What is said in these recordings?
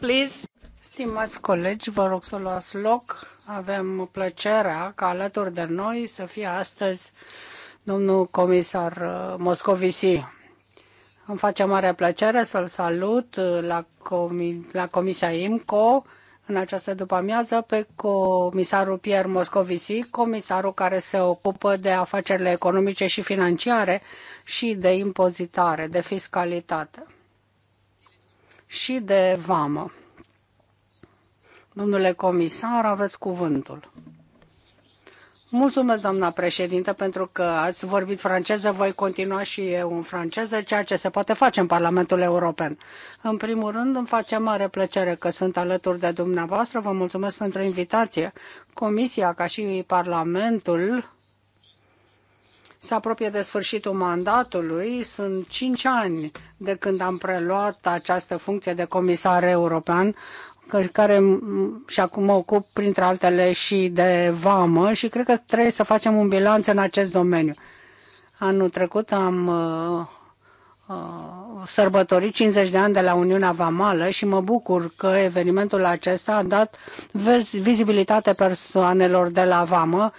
please. Stimați colegi, vă rog să luați loc. Avem plăcerea ca alături de noi să fie astăzi domnul comisar uh, Moscovici. Îmi face mare plăcere să-l salut uh, la, comi- la Comisia IMCO în această după-amiază pe comisarul Pierre Moscovici, comisarul care se ocupă de afacerile economice și financiare și de impozitare, de fiscalitate și de vamă. Domnule comisar, aveți cuvântul. Mulțumesc, doamna președintă, pentru că ați vorbit franceză, voi continua și eu în franceză, ceea ce se poate face în Parlamentul European. În primul rând, îmi face mare plăcere că sunt alături de dumneavoastră. Vă mulțumesc pentru invitație. Comisia, ca și Parlamentul, se apropie de sfârșitul mandatului. Sunt cinci ani de când am preluat această funcție de comisar european, care și acum mă ocup, printre altele, și de vamă și cred că trebuie să facem un bilanț în acest domeniu. Anul trecut am uh, uh, sărbătorit 50 de ani de la Uniunea Vamală și mă bucur că evenimentul acesta a dat vizibilitate persoanelor de la vamă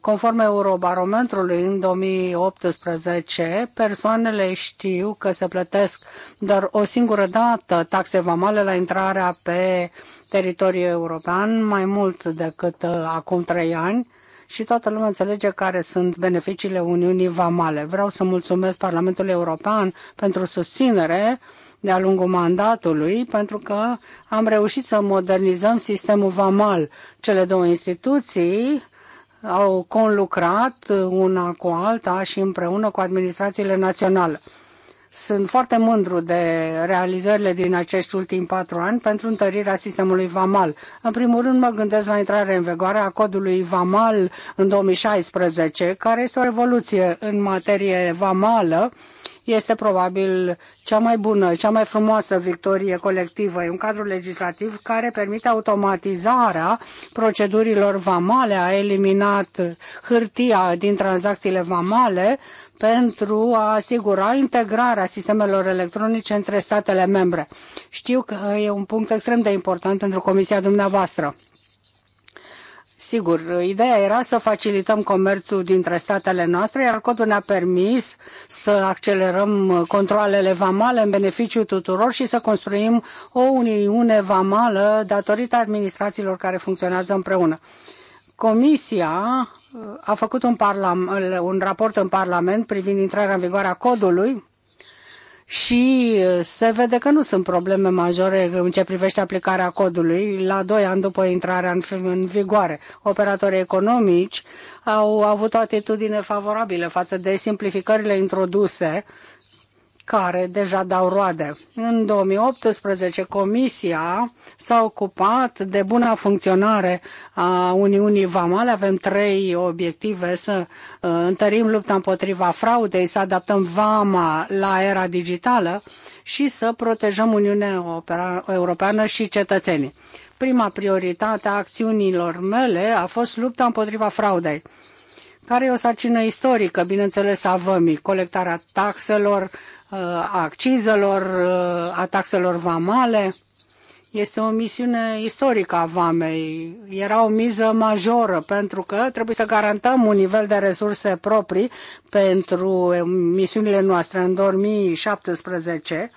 Conform Eurobarometrului în 2018, persoanele știu că se plătesc doar o singură dată taxe vamale la intrarea pe teritoriul european, mai mult decât uh, acum trei ani, și toată lumea înțelege care sunt beneficiile Uniunii Vamale. Vreau să mulțumesc Parlamentului European pentru susținere de-a lungul mandatului, pentru că am reușit să modernizăm sistemul vamal. Cele două instituții au conlucrat una cu alta și împreună cu administrațiile naționale. Sunt foarte mândru de realizările din acești ultimi patru ani pentru întărirea sistemului VAMAL. În primul rând mă gândesc la intrarea în vigoare a codului VAMAL în 2016, care este o revoluție în materie VAMALă, este probabil cea mai bună, cea mai frumoasă victorie colectivă. E un cadru legislativ care permite automatizarea procedurilor vamale, a eliminat hârtia din tranzacțiile vamale pentru a asigura integrarea sistemelor electronice între statele membre. Știu că e un punct extrem de important pentru Comisia dumneavoastră. Sigur, ideea era să facilităm comerțul dintre statele noastre, iar codul ne-a permis să accelerăm controlele vamale în beneficiu tuturor și să construim o uniune vamală datorită administrațiilor care funcționează împreună. Comisia uh, a făcut un, un raport în Parlament privind intrarea în vigoare a codului și uh, se vede că nu sunt probleme majore în ce privește aplicarea codului la doi ani după intrarea în, în vigoare. Operatorii economici au avut o atitudine favorabilă față de simplificările introduse care deja dau roade. În 2018, Comisia s-a ocupat de buna funcționare a Uniunii Vamale. Avem trei obiective, să uh, întărim lupta împotriva fraudei, să adaptăm Vama la era digitală și să protejăm Uniunea Europeană și cetățenii. Prima prioritate a acțiunilor mele a fost lupta împotriva fraudei care e o sarcină istorică, bineînțeles, a vămii, colectarea taxelor, uh, a accizelor, uh, a taxelor vamale. Este o misiune istorică a vamei. Era o miză majoră pentru că trebuie să garantăm un nivel de resurse proprii pentru um, misiunile noastre. În 2017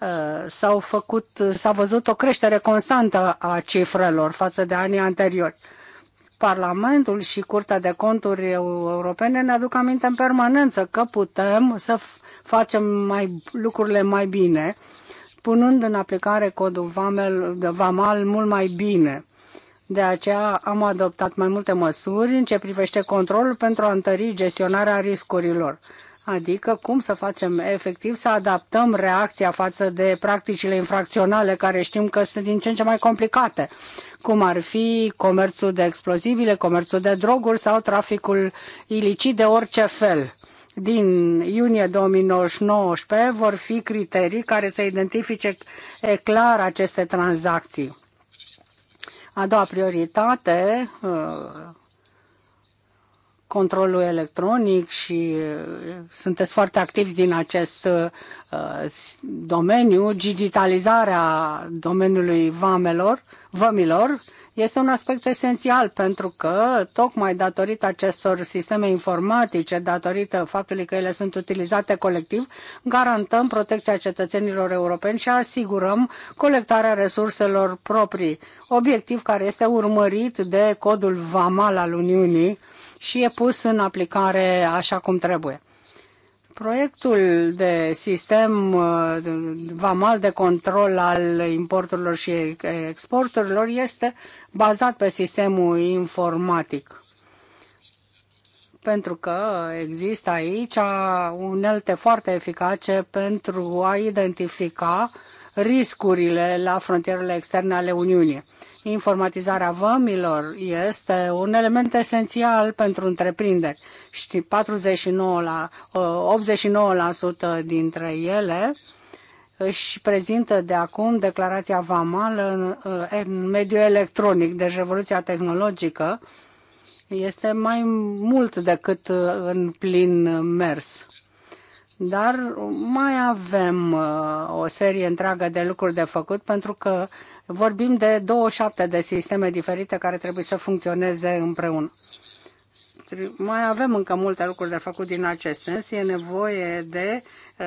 uh, s-au făcut, s-a văzut o creștere constantă a cifrelor față de anii anteriori. Parlamentul și Curtea de Conturi Europene ne aduc aminte în permanență că putem să facem mai, lucrurile mai bine, punând în aplicare codul VAMAL, VAMAL mult mai bine. De aceea am adoptat mai multe măsuri în ce privește controlul pentru a întări gestionarea riscurilor adică cum să facem efectiv să adaptăm reacția față de practicile infracționale care știm că sunt din ce în ce mai complicate, cum ar fi comerțul de explozibile, comerțul de droguri sau traficul ilicit de orice fel din iunie 2019 vor fi criterii care să identifice clar aceste tranzacții. A doua prioritate uh, controlul electronic și uh, sunteți foarte activi din acest uh, domeniu. Digitalizarea domeniului vamelor, vămilor este un aspect esențial pentru că, tocmai datorită acestor sisteme informatice, datorită faptului că ele sunt utilizate colectiv, garantăm protecția cetățenilor europeni și asigurăm colectarea resurselor proprii, obiectiv care este urmărit de codul VAMAL al Uniunii, și e pus în aplicare așa cum trebuie. Proiectul de sistem uh, vamal de control al importurilor și exporturilor este bazat pe sistemul informatic pentru că există aici unelte foarte eficace pentru a identifica riscurile la frontierele externe ale Uniunii informatizarea vămilor este un element esențial pentru întreprinderi. Și 49 la, 89% ă, dintre ele își prezintă de acum declarația vamală în, ă, în mediul electronic, deci revoluția tehnologică este mai mult decât ă, în plin mers dar mai avem uh, o serie întreagă de lucruri de făcut pentru că vorbim de 27 de sisteme diferite care trebuie să funcționeze împreună. Mai avem încă multe lucruri de făcut din acest sens. E nevoie de uh,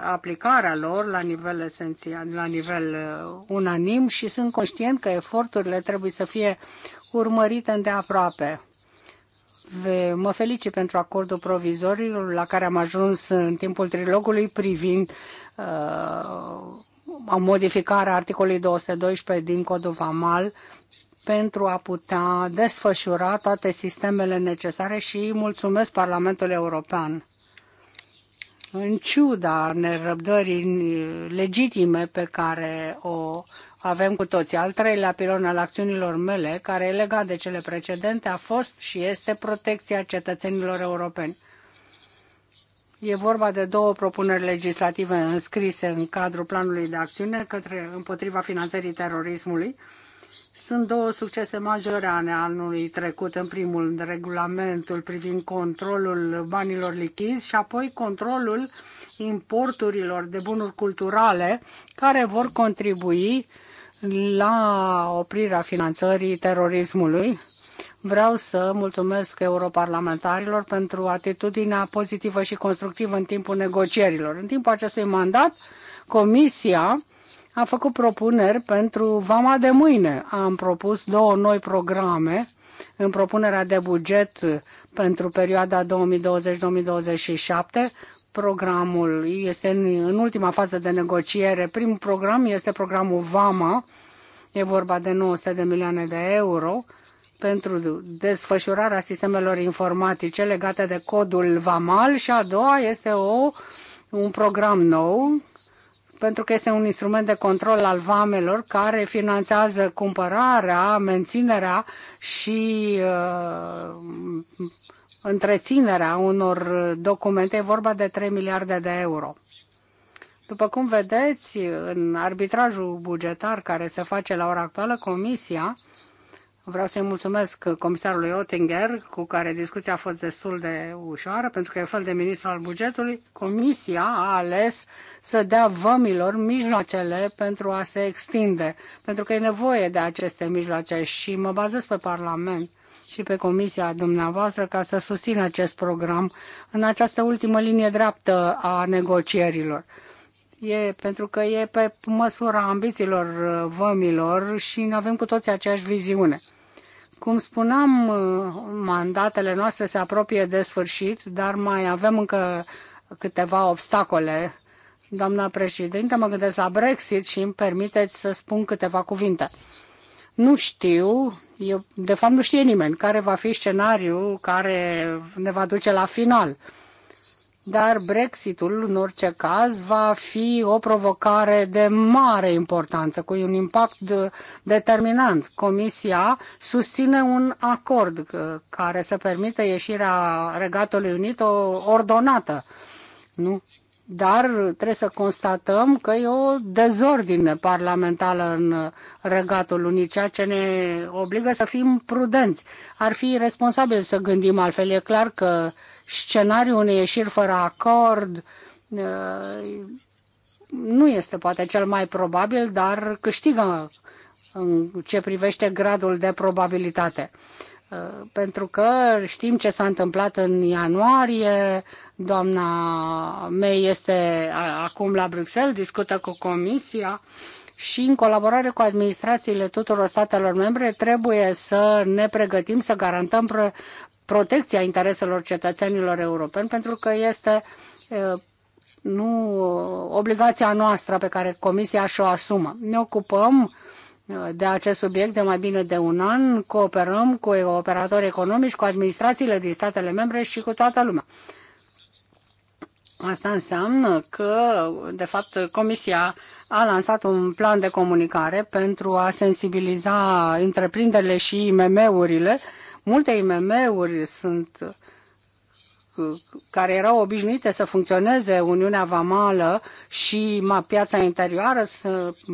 aplicarea lor la nivel esențial, la nivel uh, unanim și sunt conștient că eforturile trebuie să fie urmărite îndeaproape. aproape mă felicit pentru acordul provizoriu la care am ajuns în timpul trilogului privind uh, modificarea articolului 212 din Codul Vamal pentru a putea desfășura toate sistemele necesare și mulțumesc Parlamentului European în ciuda nerăbdării legitime pe care o avem cu toții. Al treilea pilon al acțiunilor mele, care e legat de cele precedente, a fost și este protecția cetățenilor europeni. E vorba de două propuneri legislative înscrise în cadrul planului de acțiune către împotriva finanțării terorismului sunt două succese majore ale anului trecut. În primul, regulamentul privind controlul banilor lichizi și apoi controlul importurilor de bunuri culturale care vor contribui la oprirea finanțării terorismului. Vreau să mulțumesc europarlamentarilor pentru atitudinea pozitivă și constructivă în timpul negocierilor. În timpul acestui mandat, Comisia am făcut propuneri pentru vama de mâine. Am propus două noi programe în propunerea de buget pentru perioada 2020-2027. Programul este în, în ultima fază de negociere. Primul program este programul VAMA. E vorba de 900 de milioane de euro pentru desfășurarea sistemelor informatice legate de codul VAMAL și a doua este o, un program nou pentru că este un instrument de control al vamelor care finanțează cumpărarea, menținerea și uh, întreținerea unor documente. E vorba de 3 miliarde de euro. După cum vedeți, în arbitrajul bugetar care se face la ora actuală, Comisia Vreau să-i mulțumesc comisarului Oettinger, cu care discuția a fost destul de ușoară, pentru că e fel de ministru al bugetului. Comisia a ales să dea vămilor mijloacele pentru a se extinde, pentru că e nevoie de aceste mijloace și mă bazez pe Parlament și pe comisia dumneavoastră ca să susțină acest program în această ultimă linie dreaptă a negocierilor. E pentru că e pe măsura ambițiilor uh, vămilor și nu avem cu toții aceeași viziune. Cum spuneam, mandatele noastre se apropie de sfârșit, dar mai avem încă câteva obstacole. Doamna președinte, mă gândesc la Brexit și îmi permiteți să spun câteva cuvinte. Nu știu, eu, de fapt nu știe nimeni care va fi scenariul care ne va duce la final. Uh, dar Brexitul, în orice caz, va fi o provocare de mare importanță, cu un impact determinant. Comisia susține un acord uh, care să permită ieșirea Regatului Unit ordonată. Nu? Dar trebuie să constatăm că e o dezordine parlamentară în Regatul Unit, ceea ce ne obligă să fim prudenți. Ar fi responsabil să gândim altfel. E clar că uh, scenariul unei ieșiri fără acord uh, nu este poate cel mai probabil, dar câștigă în ce privește gradul de probabilitate. Uh, pentru că știm ce s-a întâmplat în ianuarie, doamna May este acum la Bruxelles, discută cu Comisia și în colaborare cu administrațiile tuturor statelor membre trebuie să ne pregătim să garantăm protecția intereselor cetățenilor europeni, pentru că este nu obligația noastră pe care Comisia și-o asumă. Ne ocupăm de acest subiect de mai bine de un an, cooperăm cu operatori economici, cu administrațiile din statele membre și cu toată lumea. Asta înseamnă că, de fapt, Comisia a lansat un plan de comunicare pentru a sensibiliza întreprinderile și IMM-urile Multe IMM-uri sunt care erau obișnuite să funcționeze Uniunea Vamală și piața interioară,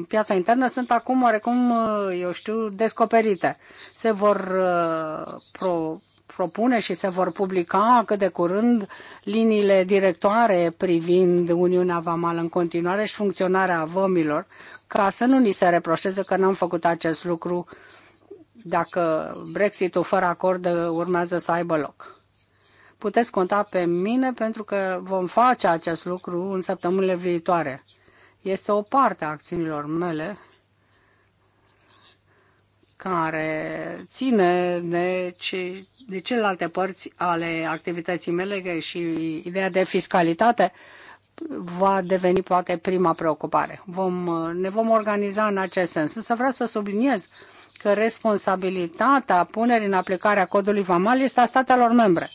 piața internă sunt acum oarecum, eu știu, descoperite. Se vor pro, propune și se vor publica cât de curând liniile directoare privind Uniunea Vamală în continuare și funcționarea vămilor, ca să nu ni se reproșeze că n-am făcut acest lucru uh, dacă Brexit-ul fără acord urmează să aibă loc. Puteți conta pe mine pentru că vom face acest lucru în săptămânile viitoare. Este o parte a acțiunilor mele care ține de, ce, de celelalte părți ale activității mele și ideea de fiscalitate va deveni poate prima preocupare. Vom, ne vom organiza în acest sens. Însă vreau să subliniez uh, că responsabilitatea punerii în aplicare a codului VAMAL este a statelor membre.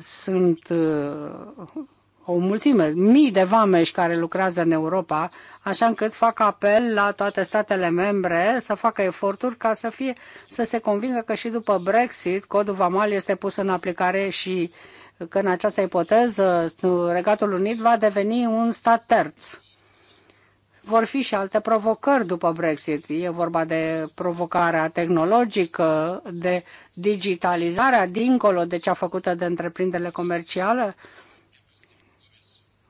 Sunt uh, o mulțime, mii de vameși care lucrează în Europa, așa încât fac apel la toate statele membre să facă eforturi ca să, fie, să se convingă că și după Brexit codul VAMAL este pus în aplicare și că în această ipoteză Regatul Unit va deveni un stat terț vor fi și alte provocări după Brexit. E vorba de provocarea tehnologică, de digitalizarea dincolo de cea făcută de întreprinderile comerciale.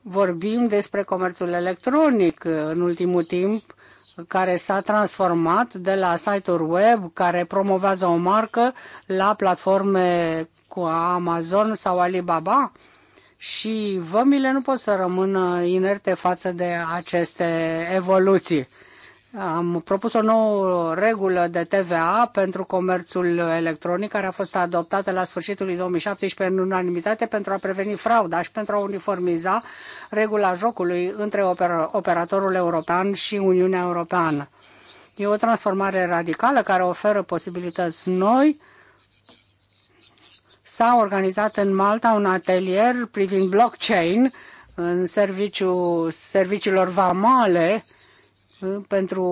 Vorbim despre comerțul electronic în ultimul timp, care s-a transformat de la site-uri web care promovează o marcă la platforme cu Amazon sau Alibaba și vămile nu pot să rămână inerte față de aceste evoluții. Am propus o nouă regulă de TVA pentru comerțul electronic care a fost adoptată la sfârșitul 2017 în unanimitate pentru a preveni frauda și pentru a uniformiza regula jocului între oper operatorul european și Uniunea Europeană. E o transformare radicală care oferă posibilități noi s-a organizat în Malta un atelier privind blockchain în serviciu, serviciilor vamale uh, pentru,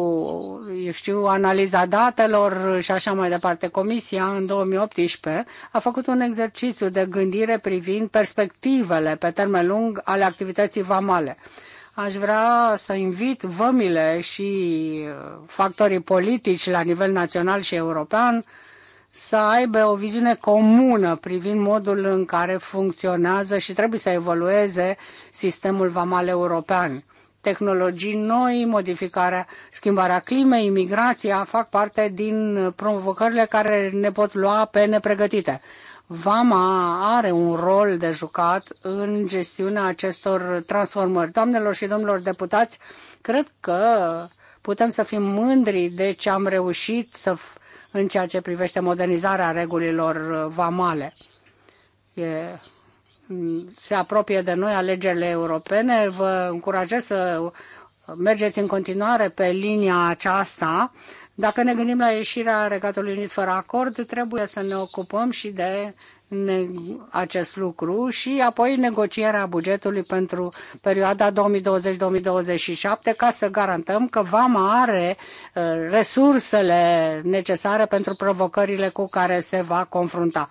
uh, eu știu, analiza datelor și așa mai departe. Comisia în 2018 a făcut un exercițiu de gândire privind perspectivele pe termen lung ale activității vamale. Aș vrea să invit vămile și uh, factorii politici la nivel național și european să aibă o viziune comună privind modul în care funcționează și trebuie să evolueze sistemul vamal european. Tehnologii noi, modificarea, schimbarea climei, imigrația fac parte din provocările care ne pot lua pe nepregătite. Vama are un rol de jucat în gestiunea acestor transformări. Doamnelor și domnilor deputați, cred că putem să fim mândri de ce am reușit să în ceea ce privește modernizarea regulilor uh, vamale. E, mm, se apropie de noi alegerile europene. Vă încurajez să mergeți în continuare pe linia aceasta. Dacă ne gândim la ieșirea Regatului Unit fără acord, trebuie să ne ocupăm și de acest lucru și apoi negocierea bugetului pentru perioada 2020-2027 ca să garantăm că VAMA are uh, resursele necesare pentru provocările cu care se va confrunta.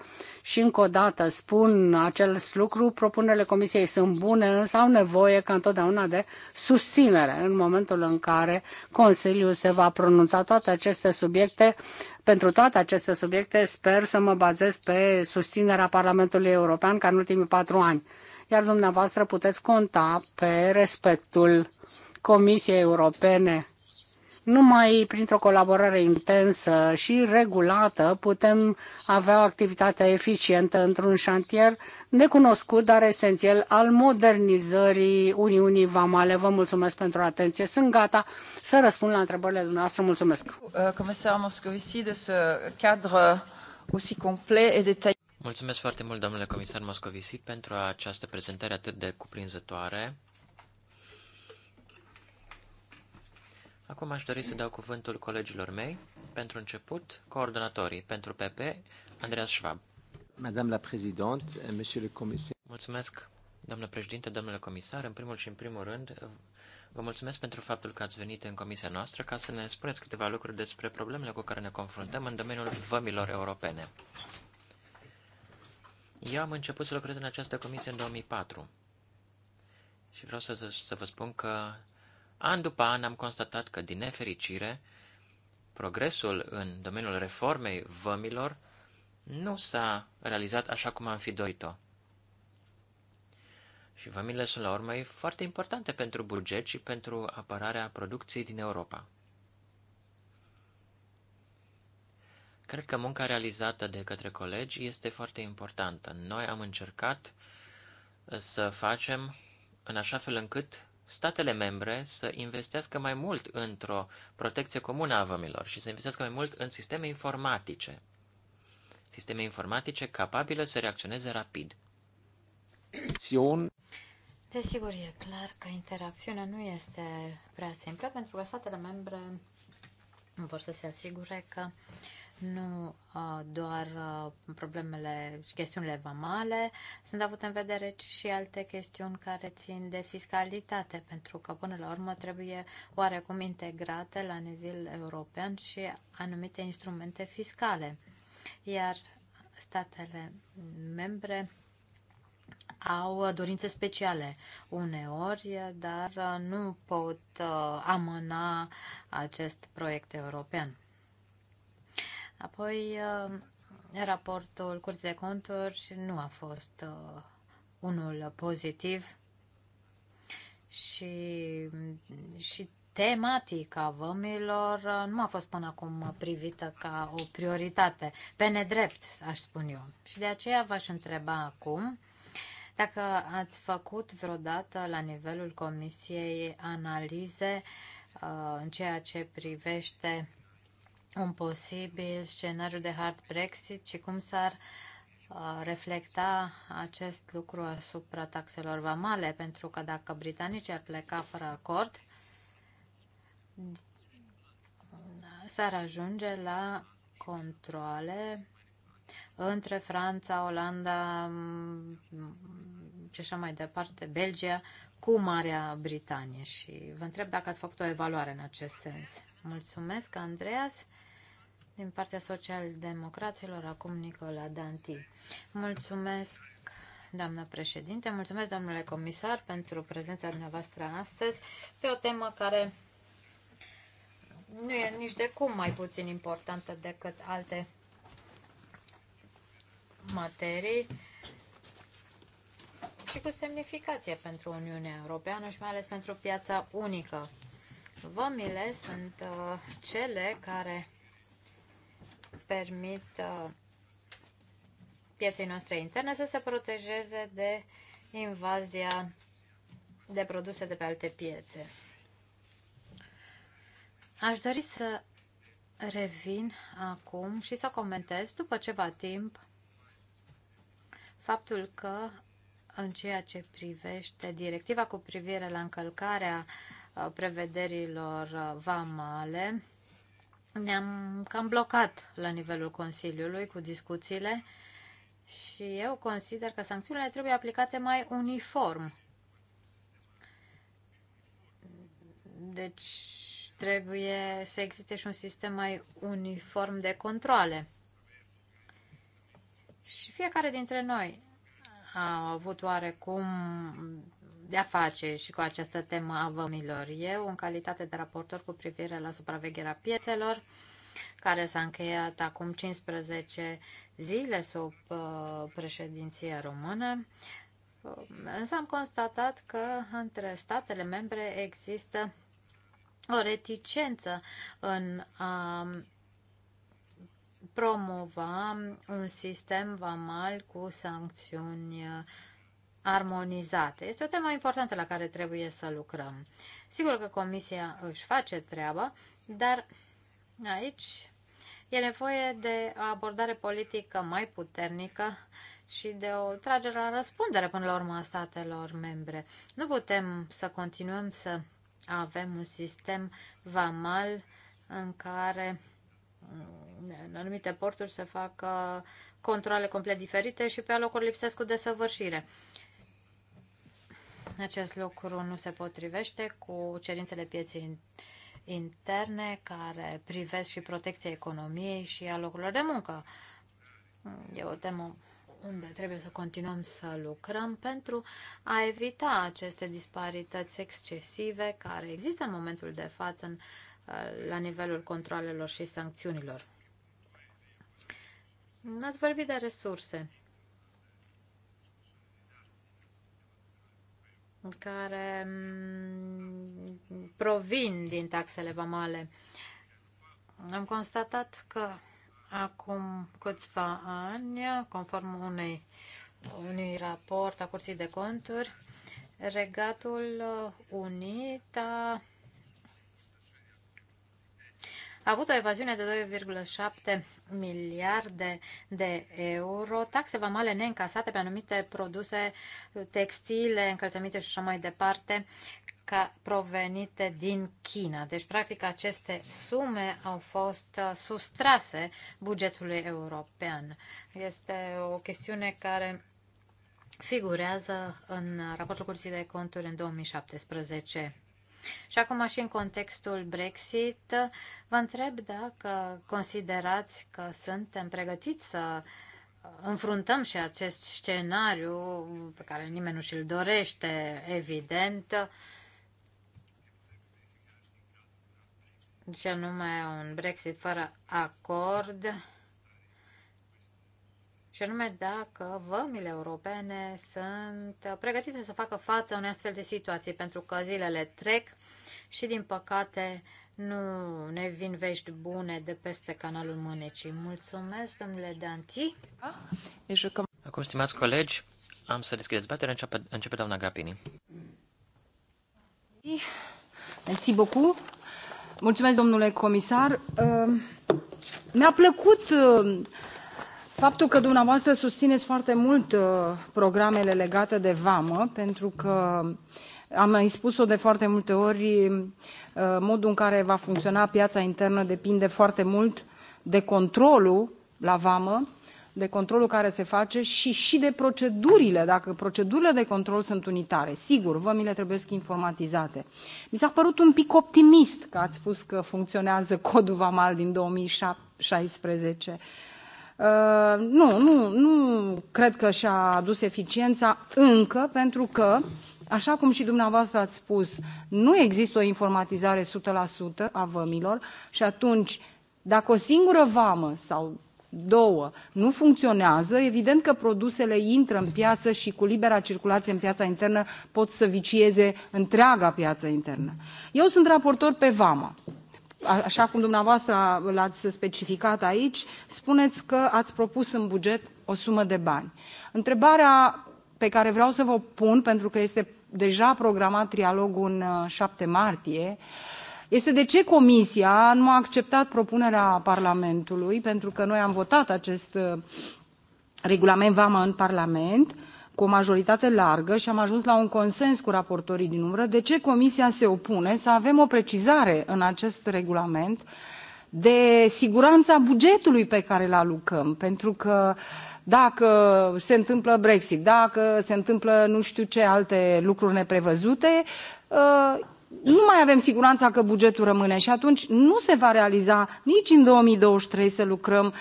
Și încă o dată spun acest lucru, propunerile comisiei sunt bune, însă au nevoie ca întotdeauna de susținere în momentul în care Consiliul se va pronunța toate aceste subiecte. Pentru toate aceste subiecte sper să mă bazez pe susținerea Parlamentului European ca în ultimii patru ani. Iar dumneavoastră puteți conta pe respectul Comisiei Europene numai printr-o colaborare intensă și regulată putem avea o activitate eficientă într-un șantier necunoscut, dar esențial al modernizării Uniunii Vamale. Vă mulțumesc pentru atenție. Sunt gata să răspund la întrebările dumneavoastră. Mulțumesc. Uh, comisar Moscovici, de ce cadre aussi complet et détaillé. Mulțumesc foarte mult, domnule comisar Moscovici, pentru această prezentare atât de cuprinzătoare Acum aș dori să dau cuvântul colegilor mei. Pentru început, coordonatorii. Pentru PP, Andreas Schwab. Madame la Présidente, Monsieur le Commissaire. Mulțumesc, doamnă președinte, domnule comisar. În primul și în primul rând, vă mulțumesc pentru faptul că ați venit în comisia noastră ca să ne spuneți câteva lucruri despre problemele cu care ne confruntăm în domeniul vămilor europene. Eu am început să lucrez în această comisie în 2004 și vreau să, să vă spun că An după an am constatat că, din nefericire, progresul în domeniul reformei vămilor nu s-a realizat așa cum am fi dorit-o. Și vămile sunt, la urmă, foarte importante pentru buget și pentru apărarea producției din Europa. Cred că munca realizată de către colegi este foarte importantă. Noi am încercat să facem în așa fel încât statele membre să investească mai mult într-o protecție comună a vămilor și să investească mai mult în sisteme informatice. Sisteme informatice capabile să reacționeze rapid. Desigur, e clar că interacțiunea nu este prea simplă, pentru că statele membre vor să se asigure că uh, nu doar problemele și chestiunile vamale sunt avute în vedere, și alte chestiuni care țin de fiscalitate, pentru că până la urmă trebuie oarecum integrate la nivel european și anumite instrumente fiscale. Iar statele membre au dorințe speciale uneori, dar nu pot amâna acest proiect european. Apoi, uh, raportul Curții de Conturi nu a fost uh, unul pozitiv și, și tematica vămilor uh, nu a fost până acum privită ca o prioritate, pe nedrept, aș spune eu. Și de aceea v-aș întreba acum dacă ați făcut vreodată la nivelul Comisiei analize în ceea ce privește un posibil scenariu de hard Brexit și cum s-ar uh, reflecta acest lucru asupra taxelor vamale, pentru că dacă britanicii ar pleca fără acord, s-ar ajunge la controle între Franța, Olanda și mm, așa mai departe, Belgia, cu Marea Britanie. Și vă întreb dacă ați făcut o evaluare în acest sens. Mulțumesc, Andreas. Din partea socialdemocraților, acum Nicola Danti. Mulțumesc, doamnă președinte, mulțumesc, domnule comisar, pentru prezența dumneavoastră astăzi pe o temă care nu e nici de cum mai puțin importantă decât alte materii și cu semnificație pentru Uniunea Europeană și mai ales pentru piața unică Vămile sunt uh, cele care permit uh, pieței noastre interne să se protejeze de invazia de produse de pe alte piețe. Aș dori să revin acum și să comentez după ceva timp faptul că în ceea ce privește directiva cu privire la încălcarea uh, Uh, prevederilor uh, vamale, ne-am cam blocat la nivelul Consiliului cu discuțiile și eu consider că sancțiunile trebuie aplicate mai uniform. Deci trebuie să existe și un sistem mai uniform de controle. Și fiecare dintre noi a avut oarecum de-a face și cu această temă a vămilor. Eu, în calitate de raportor cu privire la supravegherea piețelor, care s-a încheiat acum 15 zile sub uh, președinția română, uh, Însă am constatat că între statele membre există o reticență în a promova un sistem vamal cu sancțiuni armonizate. Este o temă importantă la care trebuie să lucrăm. Sigur că Comisia își face treaba, dar aici e nevoie de o abordare politică mai puternică și de o tragere la răspundere până la urmă a statelor membre. Nu putem să continuăm să avem un sistem vamal în care în anumite porturi se fac controle complet diferite și pe alocuri lipsesc cu desăvârșire. Acest lucru nu se potrivește cu cerințele pieței interne care privesc și protecția economiei și a locurilor de muncă. E o temă unde trebuie să continuăm să lucrăm pentru a evita aceste disparități excesive care există în momentul de față în, uh, la nivelul controlelor și sancțiunilor. Ați vorbit de resurse. care mm, provin din taxele vamale. Am constatat că acum câțiva ani, conform unei, unui raport a Curții de Conturi, Regatul Unit a a avut o evaziune de 2,7 miliarde de euro, taxe vamale neîncasate pe anumite produse textile, încălțăminte și așa mai departe, ca provenite din China. Deci, practic, aceste sume au fost uh, sustrase bugetului european. Este o chestiune care figurează în raportul Curții de Conturi în 2017. Și acum și în contextul Brexit, vă întreb dacă considerați că suntem pregătiți să uh, înfruntăm și acest scenariu pe care nimeni nu și-l dorește, evident, și deci anume un Brexit fără acord și anume dacă vămile europene sunt pregătite să facă față unei astfel de situații, pentru că zilele trec și, din păcate, nu ne vin vești bune de peste canalul Mânecii. Mulțumesc, domnule Danti. Ah, Acum, stimați colegi, am să deschid dezbaterea. Începe, începe doamna Grapini. Mersi beaucoup. Mulțumesc, domnule comisar. Ehm, mi-a plăcut ehm, faptul că dumneavoastră susțineți foarte mult uh, programele legate de vamă, pentru că am mai spus o de foarte multe ori uh, modul în care va funcționa piața internă depinde foarte mult de controlul la vamă de controlul care se face și și de procedurile, dacă procedurile de control sunt unitare. Sigur, vămile trebuie să informatizate. Mi s-a părut un pic optimist că ați spus că funcționează codul VAMAL din 2016 Uh, nu, nu, nu cred că și-a adus eficiența încă, pentru că, așa cum și dumneavoastră ați spus, nu există o informatizare 100% a vămilor și atunci, dacă o singură vamă sau două nu funcționează, evident că produsele intră în piață și cu libera circulație în piața internă pot să vicieze întreaga piață internă. Eu sunt raportor pe vama așa cum dumneavoastră l-ați specificat aici, spuneți că ați propus în buget o sumă de bani. Întrebarea pe care vreau să vă pun, pentru că este deja programat trialogul în 7 uh, martie, este de ce Comisia nu a acceptat propunerea Parlamentului, pentru că noi am votat acest uh, regulament VAMA în Parlament, uh, cu o majoritate largă și am ajuns la un consens cu raportorii din umbră de ce comisia se opune să avem o precizare în acest regulament de siguranța bugetului pe care îl alocăm pentru că dacă se întâmplă brexit dacă se întâmplă nu știu ce alte lucruri neprevăzute uh, nu mai avem siguranța că bugetul rămâne și atunci nu se va realiza nici în două mii douăzeci și trei să lucrăm uh,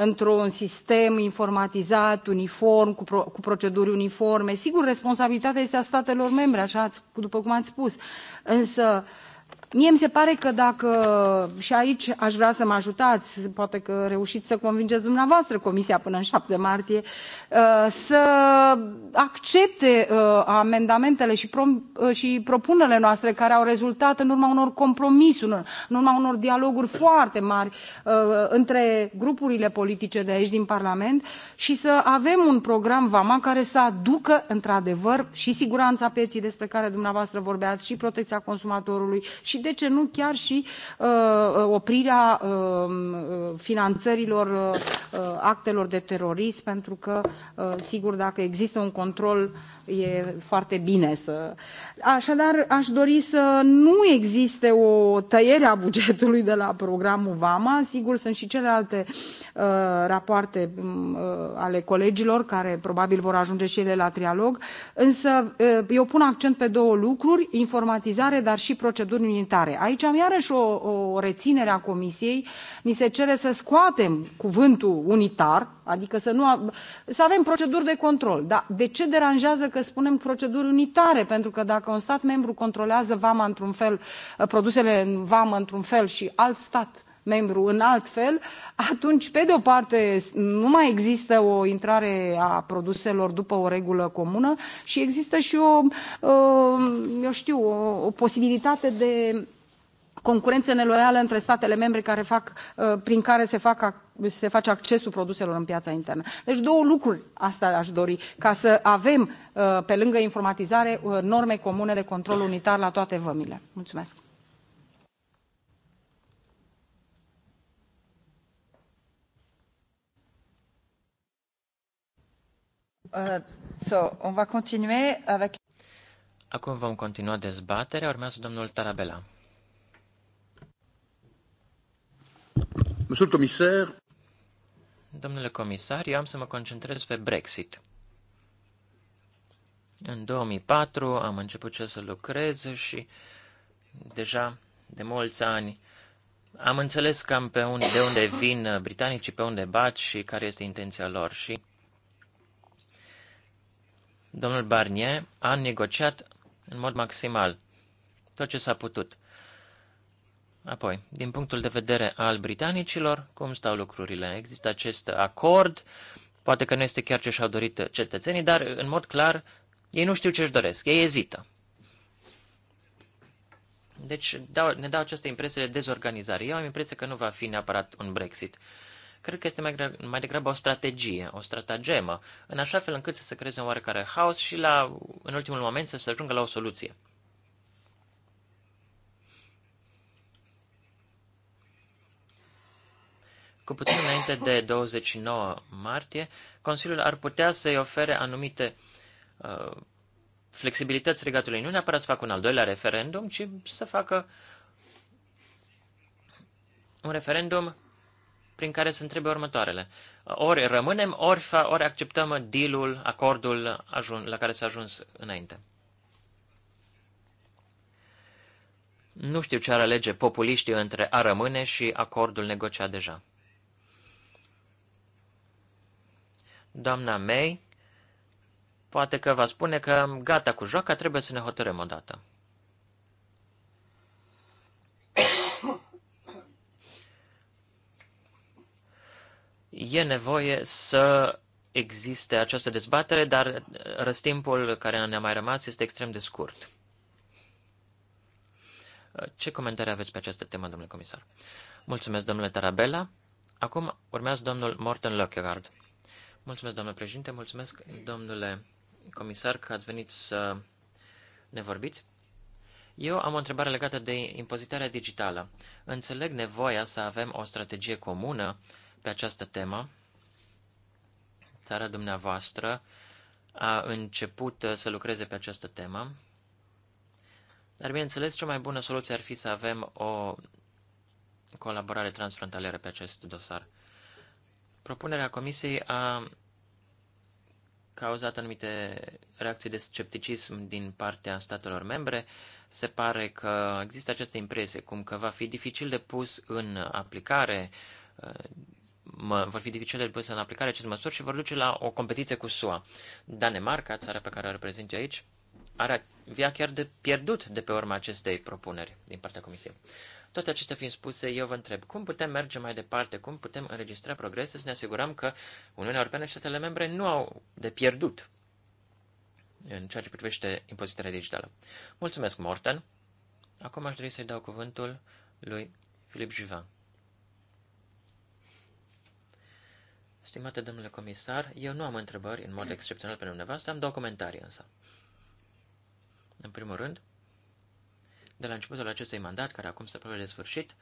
într-un sistem informatizat, uniform, cu, pro cu proceduri uniforme. Sigur, responsabilitatea este a statelor membre, așa ați, după cum ați spus, însă uh, mie mi se pare că dacă și aici aș vrea să mă ajutați poate că reușiți să convingeți dumneavoastră comisia până în șapte martie uh, să accepte uh, amendamentele și, pro, uh, și propunerile noastre care au rezultat în urma unor compromisuri în urma unor dialoguri foarte mari între grupurile politice de aici din parlament și să avem un program vama care să aducă într adevăr și siguranța pieței despre care dumneavoastră vorbeați și protecția consumatorului și și, de ce nu, chiar și uh, oprirea um, uh, finanțărilor uh, actelor de terorism, pentru că, sigur, dacă există un control, e foarte bine să. Așadar, aș dori să nu existe o tăiere a bugetului de la programul VAMA. Sigur, sunt și celelalte uh, rapoarte mm, uh, ale colegilor, care probabil vor ajunge și ele la trialog, însă uh, eu pun accent pe două lucruri, informatizare, dar și proceduri comunitare. Aici am iarăși o, o reținere a Comisiei. Ni se cere să scoatem cuvântul unitar, adică să, nu a, să avem proceduri de control. Dar de ce deranjează că spunem proceduri unitare? Pentru că dacă un stat membru controlează vama într-un fel, produsele în vamă într-un fel și alt stat membru în alt fel, atunci, pe de o parte, nu mai există o intrare a produselor după o regulă comună și există și o, eu știu, o, o posibilitate de concurență neloială între statele membre care fac, ă, prin care se, fac, se face accesul produselor în piața internă. Deci două lucruri asta aș dori, ca să avem, ă, pe lângă informatizare, ă, norme comune de control unitar la toate vămile. Mulțumesc! Uh, Acum vom continua dezbaterea. Urmează domnul Tarabela. Monsieur comisar. Domnule comisar, eu am să mă concentrez pe Brexit. În 2004 am început ce să lucrez și deja de mulți ani am înțeles cam pe unde, de unde vin britanicii, pe unde bat și care este intenția lor și Domnul Barnier a negociat în mod maximal tot ce s-a putut. Apoi, din punctul de vedere al britanicilor, cum stau lucrurile? Există acest acord, poate că nu este chiar ce și-au dorit cetățenii, dar, în mod clar, ei nu știu ce își doresc, ei ezită. Deci dau, ne dau această impresie de dezorganizare. Eu am impresia că nu va fi neapărat un Brexit. Uh, Cred că este mai, mai degrabă o strategie, o stratagemă, în așa fel încât să se creeze un oarecare haos și la, în ultimul moment să se ajungă la o soluție. Cu puțin înainte de 29 martie, Consiliul ar putea să-i ofere anumite uh, flexibilități regatului, nu neapărat să facă un al doilea referendum, ci să facă un referendum prin care se întrebe următoarele. Ori rămânem, ori, ori acceptăm dealul, acordul ajun, la care s-a ajuns înainte. Nu știu ce ar alege populiștii între a rămâne și acordul negociat deja. Doamna May poate că va spune că gata cu joaca, trebuie să ne hotărâm odată. E nevoie să existe această dezbatere, dar răstimpul care ne-a mai rămas este extrem de scurt. Ce comentarii aveți pe această temă, domnule comisar? Mulțumesc, domnule Tarabella. Acum urmează domnul Morten Lockegaard. Mulțumesc, domnule președinte, mulțumesc, domnule comisar, că ați venit să ne vorbiți. Eu am o întrebare legată de impozitarea digitală. Înțeleg nevoia să avem o strategie comună pe această temă. Țara dumneavoastră a început uh, să lucreze pe această temă. Dar, bineînțeles, cea mai bună soluție ar fi să avem o colaborare transfrontalieră pe acest dosar. Propunerea Comisiei a cauzat anumite reacții de scepticism din partea statelor membre. Se pare că există această impresie, cum că va fi dificil de pus în aplicare, uh, vor fi dificile de pus în aplicare aceste măsuri și vor duce la o competiție cu SUA. Danemarca, țara pe care o reprezint eu aici, are via chiar de pierdut de pe urma acestei propuneri din partea Comisiei. Toate acestea fiind spuse, eu vă întreb, cum putem merge mai departe, cum putem înregistra progrese să ne asigurăm că Uniunea Europeană și statele membre nu au de pierdut în ceea ce privește impozitarea digitală. Mulțumesc, Morten. Acum aș dori să-i dau cuvântul lui Filip Juvin. Stimate domnule comisar, eu nu am întrebări în mod excepțional pentru dumneavoastră, am două comentarii însă. În primul rând, de la începutul acestui mandat, care acum se apropie de sfârșit,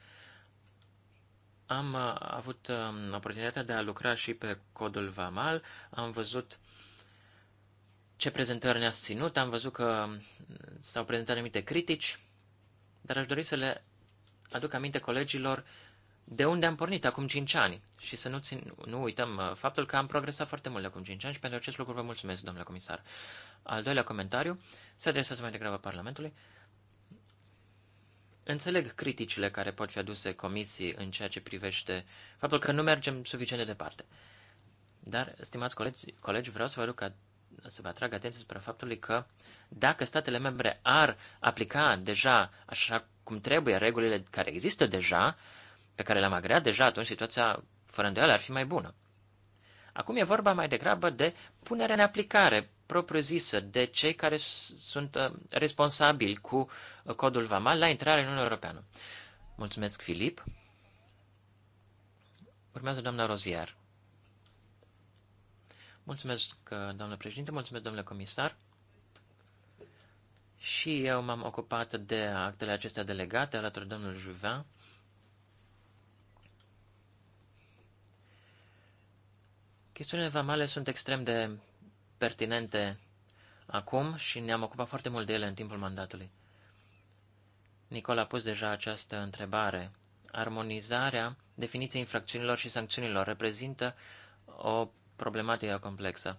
am uh, avut um, oportunitatea de a lucra și pe codul VAMAL, am văzut ce prezentări ne-ați ținut, am văzut că um, s-au prezentat anumite critici, dar aș dori să le aduc aminte colegilor de unde am pornit acum 5 ani și să nu, țin, nu uităm uh, faptul că am progresat foarte mult acum 5 ani și pentru acest lucru vă mulțumesc, domnule comisar. Al doilea comentariu se adresează mai degrabă Parlamentului. Înțeleg criticile care pot fi aduse comisii în ceea ce privește faptul că nu mergem suficient de departe. Dar, stimați colegi, colegi vreau să vă, aduc, să vă atrag atenția asupra faptului că dacă statele membre ar aplica deja așa cum trebuie regulile care există deja, uh, pe care l am agreat deja, atunci situația fără îndoială ar fi mai bună. Acum e vorba mai degrabă de punerea în aplicare propriu-zisă de cei care sunt uh, responsabili cu uh, codul VAMAL la intrarea în Uniunea Europeană. Mulțumesc, Filip. Urmează doamna Rozier. Mulțumesc, uh, doamnă președinte, mulțumesc, domnule comisar. Și eu m-am ocupat de actele acestea delegate alături de domnul Juvin Chestiunile vamale sunt extrem de pertinente acum și ne-am ocupat foarte mult de ele în timpul mandatului. Nicola a pus deja această întrebare. Armonizarea definiției infracțiunilor și sancțiunilor reprezintă o problematică complexă.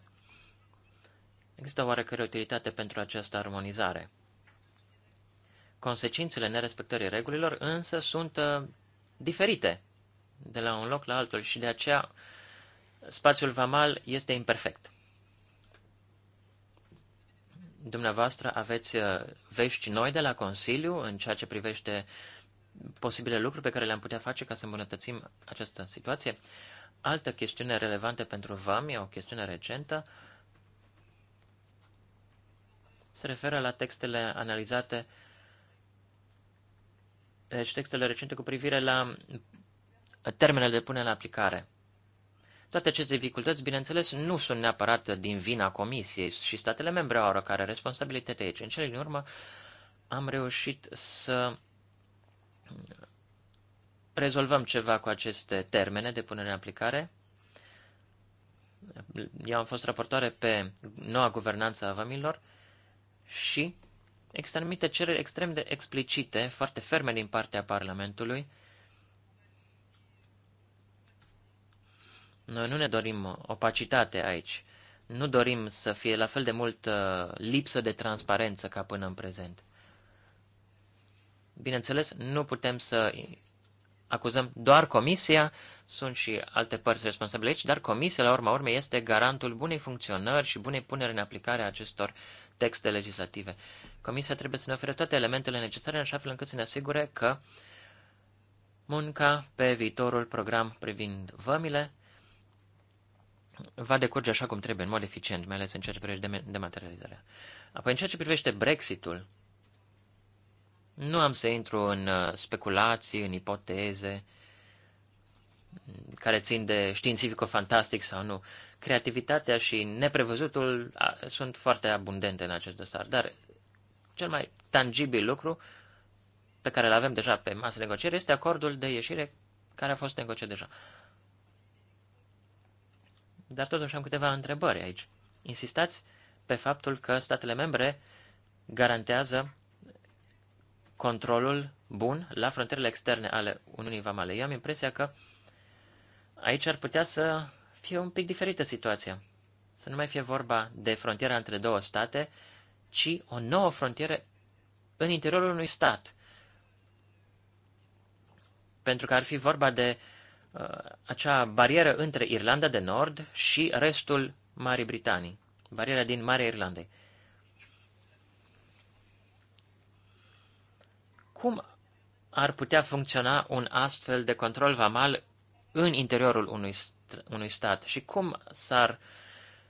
Există oarecare utilitate pentru această armonizare. Consecințele nerespectării regulilor însă sunt uh, diferite de la un loc la altul și de aceea spațiul vamal este imperfect. Dumneavoastră aveți uh, vești noi de la Consiliu în ceea ce privește posibile lucruri pe care le-am putea face ca să îmbunătățim această situație. Altă chestiune relevantă pentru VAM, e o chestiune recentă, se referă la textele analizate, deci textele recente cu privire la termenele de punere în aplicare. Toate aceste dificultăți, bineînțeles, nu sunt neapărat din vina Comisiei și statele membre au care responsabilitate aici. În cele din urmă, am reușit să rezolvăm ceva cu aceste termene de punere în aplicare. Eu am fost raportoare pe noua guvernanță a vămilor și există anumite cereri extrem de explicite, foarte ferme din partea Parlamentului, Noi nu ne dorim opacitate aici. Nu dorim să fie la fel de mult uh, lipsă de transparență ca până în prezent. Bineînțeles, nu putem să acuzăm doar comisia, sunt și alte părți responsabile aici, dar comisia, la urma urmei, este garantul bunei funcționări și bunei punere în aplicare a acestor texte legislative. Comisia trebuie să ne ofere toate elementele necesare în așa fel încât să ne asigure că munca pe viitorul program privind vămile va decurge așa cum trebuie, în mod eficient, mai ales în ceea ce privește dematerializarea. Apoi, în ceea ce privește Brexitul, nu am să intru în uh, speculații, în ipoteze care țin de științifico-fantastic sau nu. Creativitatea și neprevăzutul sunt foarte abundente în acest dosar, dar cel mai tangibil lucru pe care îl avem deja pe masă de negociere este acordul de ieșire care a fost negociat deja. Uh, dar totuși am câteva întrebări aici. Insistați pe faptul că statele membre garantează controlul bun la frontierele externe ale Uniunii Vamale. Eu am impresia că aici ar putea să fie un pic diferită situația. Să nu mai fie vorba de frontiera între două state, ci o nouă frontieră în interiorul unui stat. Pentru că ar fi vorba de uh, Uh, acea barieră între Irlanda de Nord și restul Marii Britanii, bariera din Marea Irlandei. Cum ar putea funcționa un astfel de control vamal în interiorul unui, st- unui stat și cum s-ar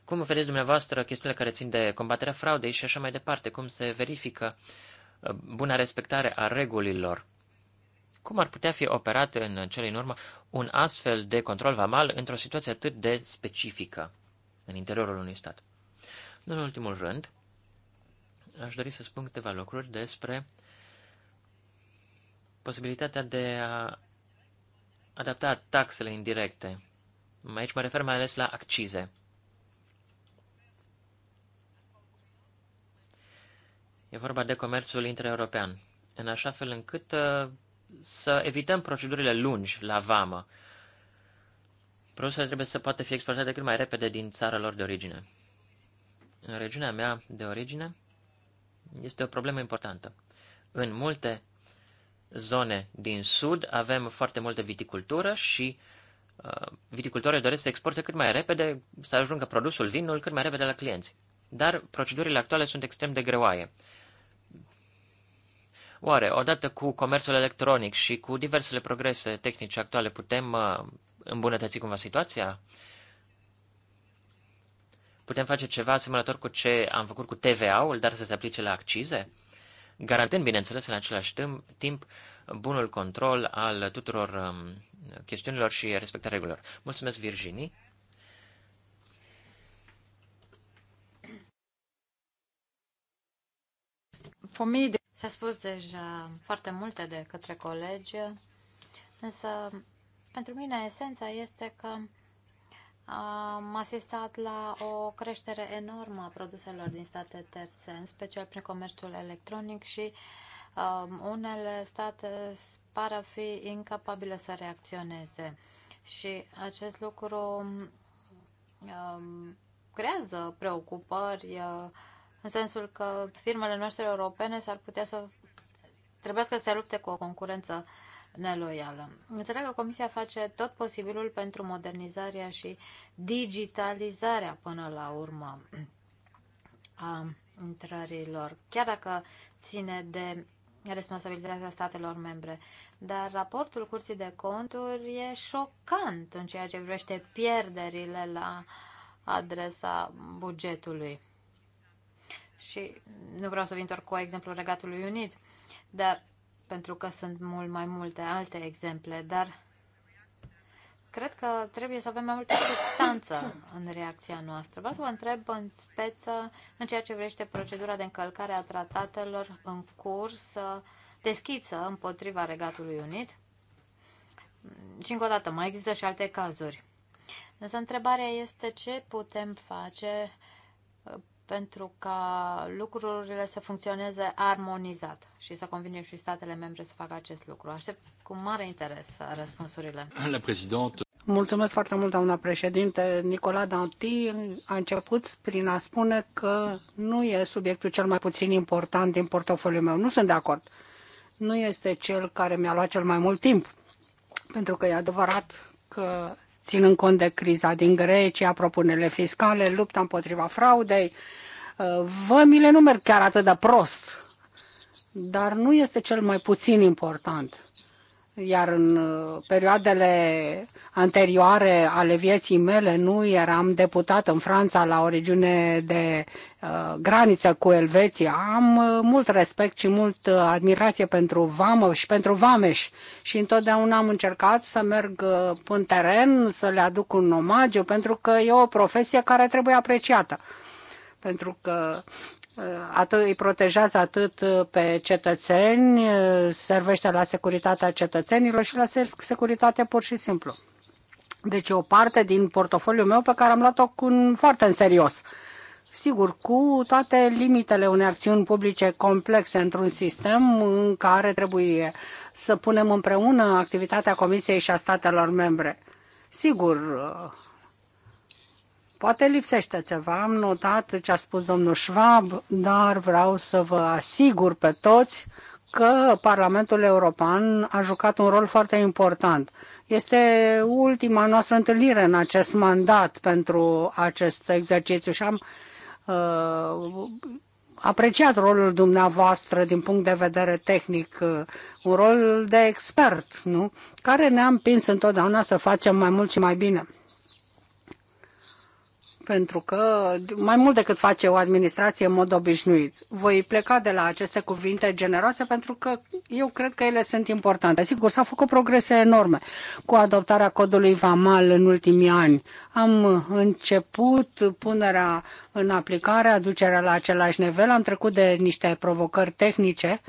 cum vedeți dumneavoastră chestiunile care țin de combaterea fraudei și așa mai departe, cum se verifică uh, buna respectare a regulilor cum ar putea fi operat în cele în urmă un astfel de control vamal într-o situație atât de specifică în interiorul unui stat? Nu în ultimul rând, aș dori să spun câteva lucruri despre posibilitatea de a adapta taxele indirecte. Aici mă refer mai ales la accize. E vorba de comerțul intraeuropean, în așa fel încât uh, să evităm procedurile lungi la vamă. Produsele trebuie să poată fi exportate cât mai repede din țara lor de origine. În regiunea mea de origine este o problemă importantă. În multe zone din sud avem foarte multă viticultură și uh, viticultorii doresc să exporte cât mai repede, să ajungă produsul, vinul cât mai repede la clienți. Dar procedurile actuale sunt extrem de greoaie. Oare, odată cu comerțul electronic și cu diversele progrese tehnice actuale, putem uh, îmbunătăți cumva situația? Putem face ceva asemănător cu ce am făcut cu TVA-ul, dar să se aplice la accize? Garantând, bineînțeles, în același timp, bunul control al tuturor um, chestiunilor și respectarea regulilor. Mulțumesc, Virginie! For me, S-a spus deja foarte multe de către colegi, însă pentru mine esența este că am asistat la o creștere enormă a produselor din state terțe, în special prin comerțul electronic și um, unele state par a fi incapabile să reacționeze. Și acest lucru um, creează preocupări uh, în sensul că firmele noastre europene s-ar putea să trebuiască să se lupte cu o concurență neloială. Înțeleg că Comisia face tot posibilul pentru modernizarea și digitalizarea până la urmă a intrărilor, chiar dacă ține de responsabilitatea statelor membre. Dar raportul Curții de Conturi e șocant în ceea ce privește pierderile la adresa bugetului și nu vreau să vin doar cu exemplul Regatului Unit, dar pentru că sunt mult mai multe alte exemple, dar cred că trebuie să avem mai multă substanță în reacția noastră. Vreau să vă întreb în speță în ceea ce vrește procedura de încălcare a tratatelor în curs deschisă împotriva Regatului Unit. Și încă o dată, mai există și alte cazuri. Însă întrebarea este ce putem face pentru ca lucrurile să funcționeze armonizat și să convine și statele membre să facă acest lucru. Aștept cu mare interes răspunsurile. La președinte. Mulțumesc foarte mult, doamna președinte. Nicola Danti a început prin a spune că nu e subiectul cel mai puțin important din portofoliul meu. Nu sunt de acord. Nu este cel care mi-a luat cel mai mult timp. Pentru că e adevărat că ținând cont de criza din Grecia, propunerile fiscale, lupta împotriva fraudei. Uh, mi le numer chiar atât de prost, dar nu este cel mai puțin important iar în uh, perioadele anterioare ale vieții mele nu eram deputat în Franța la o regiune de uh, graniță cu Elveția. Am uh, mult respect și mult uh, admirație pentru Vamă și pentru Vameș și întotdeauna am încercat să merg uh, în teren, să le aduc un omagiu, pentru că e o profesie care trebuie apreciată. Pentru că uh, atât, îi protejează atât pe cetățeni, servește la securitatea cetățenilor și la securitate pur și simplu. Deci o parte din portofoliul meu pe care am luat-o cu, foarte în serios. Sigur, cu toate limitele unei acțiuni publice complexe într-un sistem în care trebuie să punem împreună activitatea Comisiei și a statelor membre. Sigur, Poate lipsește ceva, am notat ce a spus domnul Schwab, dar vreau să vă asigur pe toți că Parlamentul European a jucat un rol foarte important. Este ultima noastră întâlnire în acest mandat pentru acest exercițiu și am uh, apreciat rolul dumneavoastră din punct de vedere tehnic, uh, un rol de expert, nu? care ne-a împins întotdeauna să facem mai mult și mai bine pentru că mai mult decât face o administrație în mod obișnuit. Voi pleca de la aceste cuvinte generoase pentru că eu cred că ele sunt importante. Sigur, s-au făcut progrese enorme cu adoptarea codului VAMAL în ultimii ani. Am început punerea în aplicare, aducerea la același nivel, am trecut de niște provocări tehnice,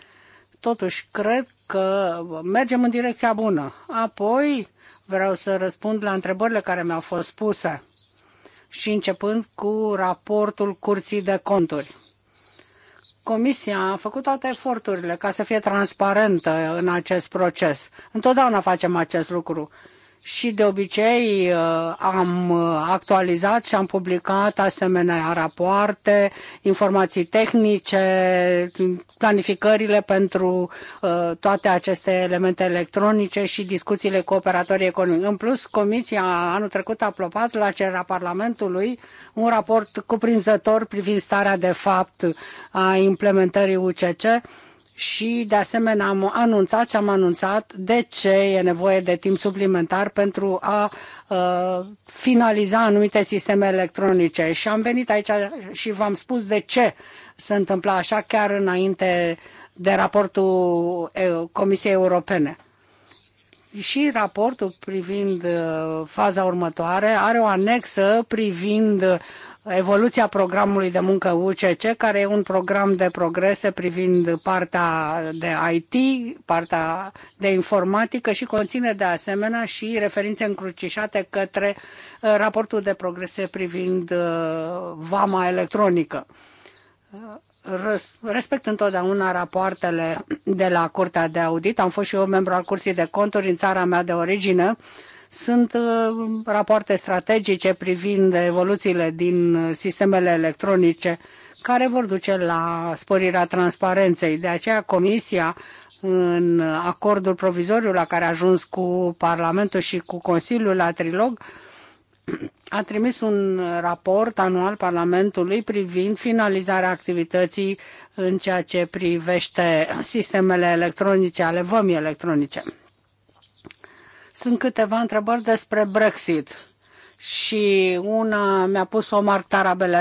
totuși cred că mergem în direcția bună. Apoi vreau să răspund la întrebările care mi-au fost puse și începând cu raportul Curții de Conturi. Comisia a făcut toate eforturile ca să fie transparentă în acest proces. Întotdeauna facem acest lucru și de obicei uh, am uh, actualizat și am publicat asemenea rapoarte, informații tehnice, planificările pentru uh, toate aceste elemente electronice și discuțiile cu operatorii economici. În plus, Comisia anul trecut a plopat la cererea Parlamentului un raport cuprinzător privind starea de fapt a implementării UCC și, de asemenea, am anunțat ce am anunțat de ce e nevoie de timp suplimentar pentru a uh, finaliza anumite sisteme electronice. Și am venit aici și v-am spus de ce se întâmpla așa chiar înainte de raportul uh, Comisiei Europene. Și raportul privind uh, faza următoare are o anexă privind uh, evoluția programului de muncă UCC, care e un program de progrese privind partea de IT, partea de informatică și conține de asemenea și referințe încrucișate către uh, raportul de progrese privind uh, vama electronică. Uh, respect întotdeauna rapoartele de la Curtea de Audit. Am fost și eu membru al Curții de Conturi în țara mea de origine sunt uh, rapoarte strategice privind evoluțiile din sistemele electronice care vor duce la sporirea transparenței. De aceea Comisia în acordul provizoriu la care a ajuns cu Parlamentul și cu Consiliul la trilog, a trimis un raport anual Parlamentului privind finalizarea activității în ceea ce privește sistemele electronice ale vămii electronice. Sunt câteva întrebări despre Brexit și una mi-a pus-o Marc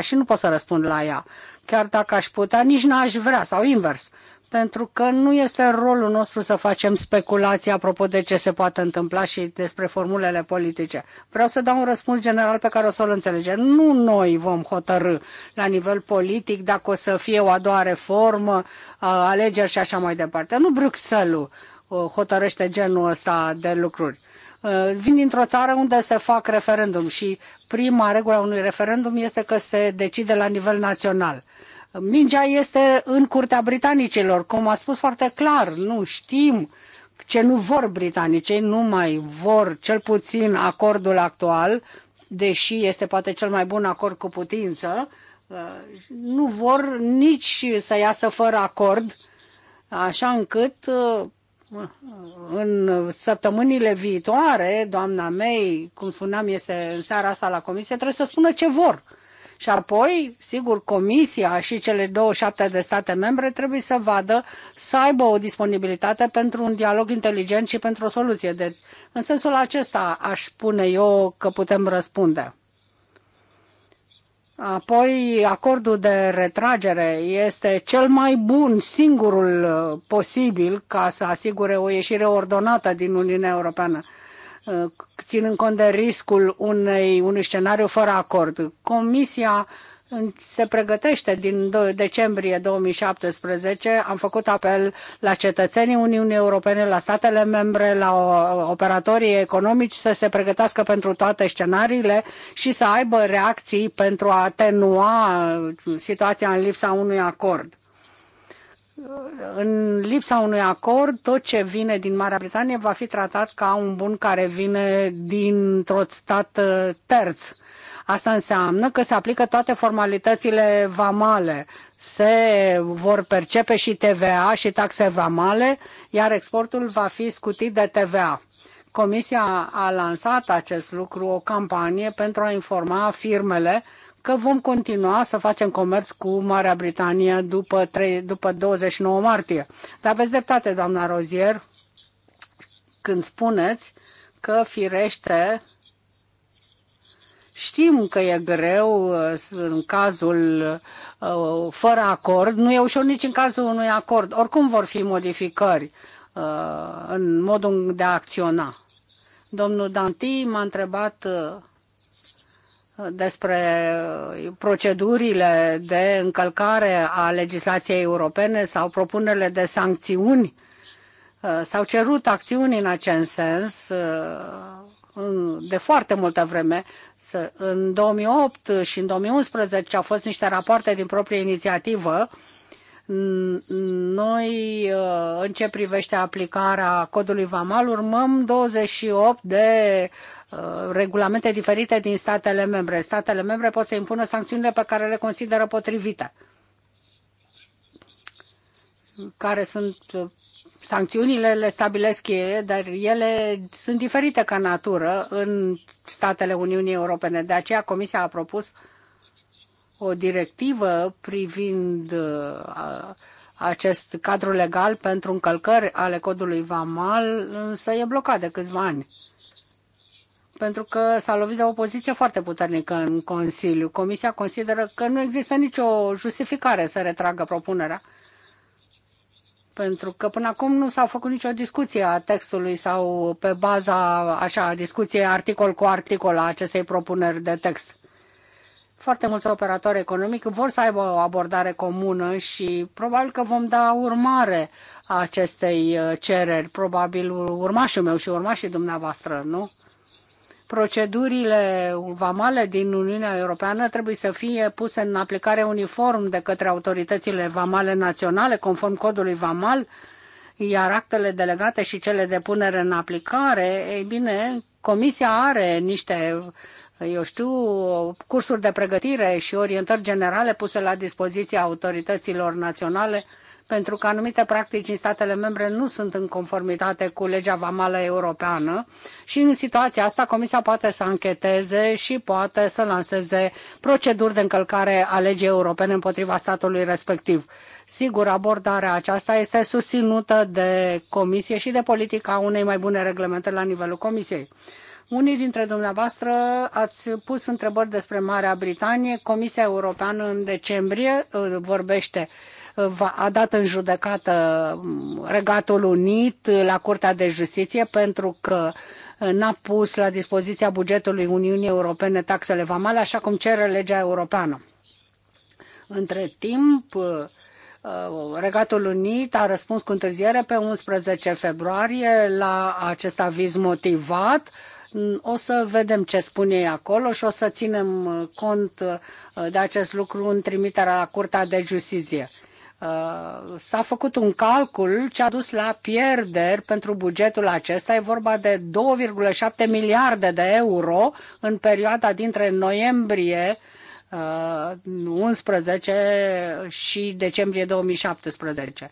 și nu pot să răspund la ea. Chiar dacă aș putea, nici n-aș vrea sau invers pentru că nu este rolul nostru să facem speculații apropo de ce se poate întâmpla și despre formulele politice. Vreau să dau un răspuns general pe care o să-l înțelege. Nu noi vom hotărâ la nivel politic dacă o să fie o a doua reformă, alegeri și așa mai departe. Nu Bruxelles uh, hotărăște genul ăsta de lucruri. Uh, vin dintr-o țară unde se fac referendum și prima regulă a unui referendum este că se decide la nivel național. Mingea este în curtea britanicilor, cum a spus foarte clar, nu știm ce nu vor britanicii, nu mai vor cel puțin acordul actual, deși este poate cel mai bun acord cu putință, uh, nu vor nici să iasă fără acord, așa încât uh, în săptămânile viitoare, doamna May, cum spuneam, este în seara asta la comisie, trebuie să spună ce vor. Și apoi, sigur, Comisia și cele 27 de state membre trebuie să vadă, să aibă o disponibilitate pentru un dialog inteligent și pentru o soluție. Deci, în sensul acesta aș spune eu că putem răspunde. Apoi, acordul de retragere este cel mai bun, singurul uh, posibil ca să asigure o ieșire ordonată din Uniunea Europeană, uh, ținând cont de riscul unei, unui scenariu fără acord. Comisia se pregătește din decembrie 2017. Am făcut apel la cetățenii Uniunii Europene, la statele membre, la operatorii economici să se pregătească pentru toate scenariile și să aibă reacții pentru a atenua situația în lipsa unui acord în lipsa unui acord, tot ce vine din Marea Britanie va fi tratat ca un bun care vine dintr-o stat uh, terț. Asta înseamnă că se aplică toate formalitățile vamale. Se vor percepe și TVA și taxe vamale, iar exportul va fi scutit de TVA. Comisia a lansat acest lucru, o campanie pentru a informa firmele că vom continua să facem comerț cu Marea Britanie după, 3, după 29 martie. Dar aveți dreptate, doamna Rozier, când spuneți că firește Știm că e greu uh, în cazul uh, fără acord, nu e ușor nici în cazul unui acord. Oricum vor fi modificări uh, în modul de a acționa. Domnul Danti m-a întrebat despre procedurile de încălcare a legislației europene sau propunerile de sancțiuni. S-au cerut acțiuni în acest sens de foarte multă vreme. În 2008 și în 2011 au fost niște rapoarte din proprie inițiativă noi, uh, în ce privește aplicarea codului VAMAL, urmăm 28 de uh, regulamente diferite din statele membre. Statele membre pot să impună sancțiunile pe care le consideră potrivite, care sunt uh, Sancțiunile le stabilesc ele, dar ele sunt diferite ca natură în statele Uniunii Europene. De aceea Comisia a propus o directivă privind uh, acest cadru legal pentru încălcări ale codului VAMAL, însă e blocat de câțiva ani. Pentru că s-a lovit de o poziție foarte puternică în Consiliu. Comisia consideră că nu există nicio justificare să retragă propunerea pentru că până acum nu s-a făcut nicio discuție a textului sau pe baza, așa, discuție articol cu articol a acestei propuneri de text. Foarte mulți operatori economici vor să aibă o abordare comună și probabil că vom da urmare a acestei uh, cereri, probabil urmașul meu și urmașii dumneavoastră, nu? procedurile vamale din Uniunea Europeană trebuie să fie puse în aplicare uniform de către autoritățile vamale naționale, conform codului vamal, iar actele delegate și cele de punere în aplicare, ei bine, Comisia are niște eu știu, cursuri de pregătire și orientări generale puse la dispoziția autorităților naționale pentru că anumite practici în statele membre nu sunt în conformitate cu legea vamală europeană și în situația asta Comisia poate să ancheteze și poate să lanseze proceduri de încălcare a legii europene împotriva statului respectiv. Sigur, abordarea aceasta este susținută de Comisie și de politica unei mai bune reglementări la nivelul Comisiei. Unii dintre dumneavoastră ați pus întrebări despre Marea Britanie. Comisia Europeană în decembrie uh, vorbește a dat în judecată mm, Regatul Unit la Curtea de Justiție pentru că uh, n-a pus la dispoziția bugetului Uniunii Europene taxele vamale, așa cum cere legea europeană. Între timp, uh, uh, Regatul Unit a răspuns cu întârziere pe 11 februarie la acest aviz motivat. Mm, o să vedem ce spune ei acolo și o să ținem cont de acest lucru în trimiterea la Curtea de Justiție. Uh, s-a făcut un calcul ce a dus la pierderi pentru bugetul acesta. E vorba de 2,7 miliarde de euro în perioada dintre noiembrie 11 uh, și decembrie 2017.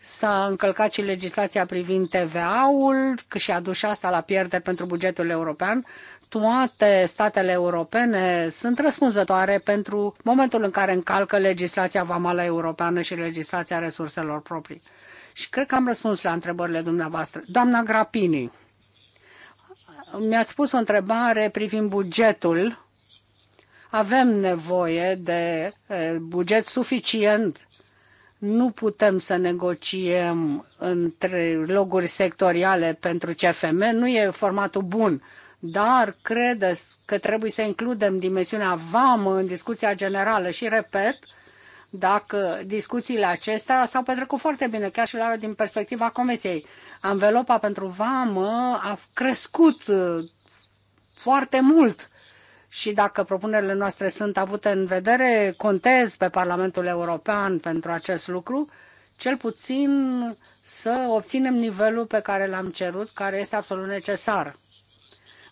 S-a încălcat și legislația privind TVA-ul și a dus asta la pierderi pentru bugetul european toate statele europene sunt răspunzătoare pentru momentul în care încalcă legislația vamală europeană și legislația resurselor proprii. Și cred că am răspuns la întrebările dumneavoastră. Doamna Grapini, mi-ați pus o întrebare privind bugetul. Avem nevoie de buget suficient nu putem să negociem între loguri sectoriale pentru CFM, nu e formatul bun dar credeți că trebuie să includem dimensiunea vamă în discuția generală și, repet, dacă discuțiile acestea s-au petrecut foarte bine, chiar și la, din perspectiva Comisiei. Anvelopa pentru vamă a crescut uh, foarte mult și dacă propunerile noastre sunt avute în vedere, contez pe Parlamentul European pentru acest lucru, cel puțin să obținem nivelul pe care l-am cerut, care este absolut necesar.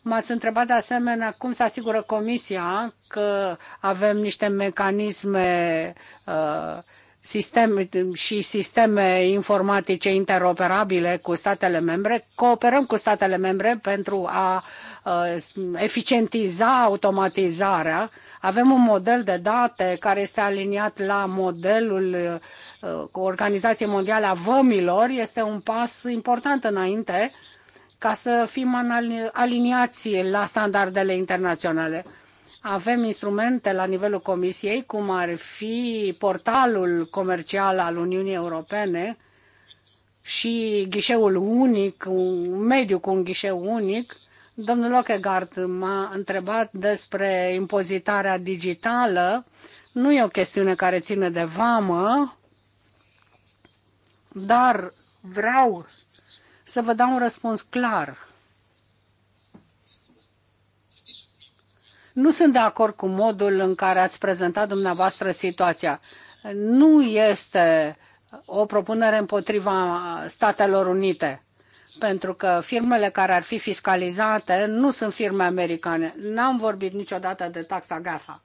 M-ați întrebat de asemenea cum se asigură Comisia că avem niște mecanisme uh, sistem, și sisteme informatice interoperabile cu statele membre. Cooperăm cu statele membre pentru a uh, eficientiza automatizarea. Avem un model de date care este aliniat la modelul uh, Organizației Mondiale a Vămilor. Este un pas important înainte uh, ca să fim aliniați la standardele internaționale. Avem instrumente la nivelul Comisiei, cum ar fi portalul comercial al Uniunii Europene și ghișeul unic, un mediu cu un ghișeu unic. Domnul Lockegaard m-a întrebat despre impozitarea digitală. Nu e o chestiune care ține de vamă, dar vreau să vă dau un răspuns clar. Nu sunt de acord cu modul în care ați prezentat dumneavoastră situația. Nu este o propunere împotriva Statelor Unite pentru că firmele care ar fi fiscalizate nu sunt firme americane. N-am vorbit niciodată de taxa GAFA.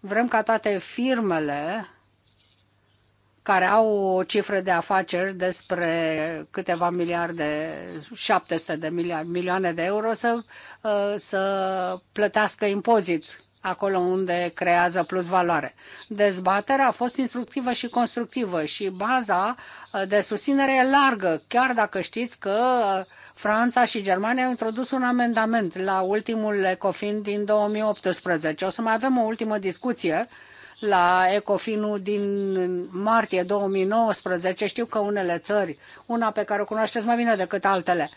Vrem ca toate firmele care au o cifră de afaceri despre câteva miliarde, 700 de milioane de euro, să, uh, să plătească impozit acolo unde creează plus valoare. Dezbaterea a fost instructivă și constructivă și baza uh, de susținere e largă, chiar dacă știți că uh, Franța și Germania au introdus un amendament la ultimul ECOFIN din 2018. O să mai avem o ultimă discuție la Ecofinul din martie 2019, știu că unele țări, una pe care o cunoașteți mai bine decât altele,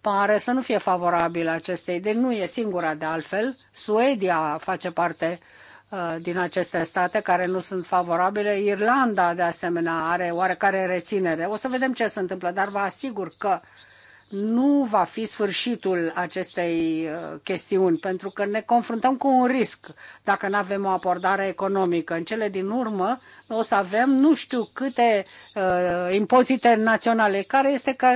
pare să nu fie favorabilă acestei idei. Nu e singura de altfel. Suedia face parte uh, din aceste state care nu sunt favorabile. Irlanda, de asemenea, are oarecare reținere. O să vedem ce se întâmplă, dar vă asigur că uh, nu va fi sfârșitul acestei uh, chestiuni, pentru că ne confruntăm cu un risc dacă nu avem o abordare economică. În cele din urmă o să avem nu știu câte uh, impozite naționale, care este că,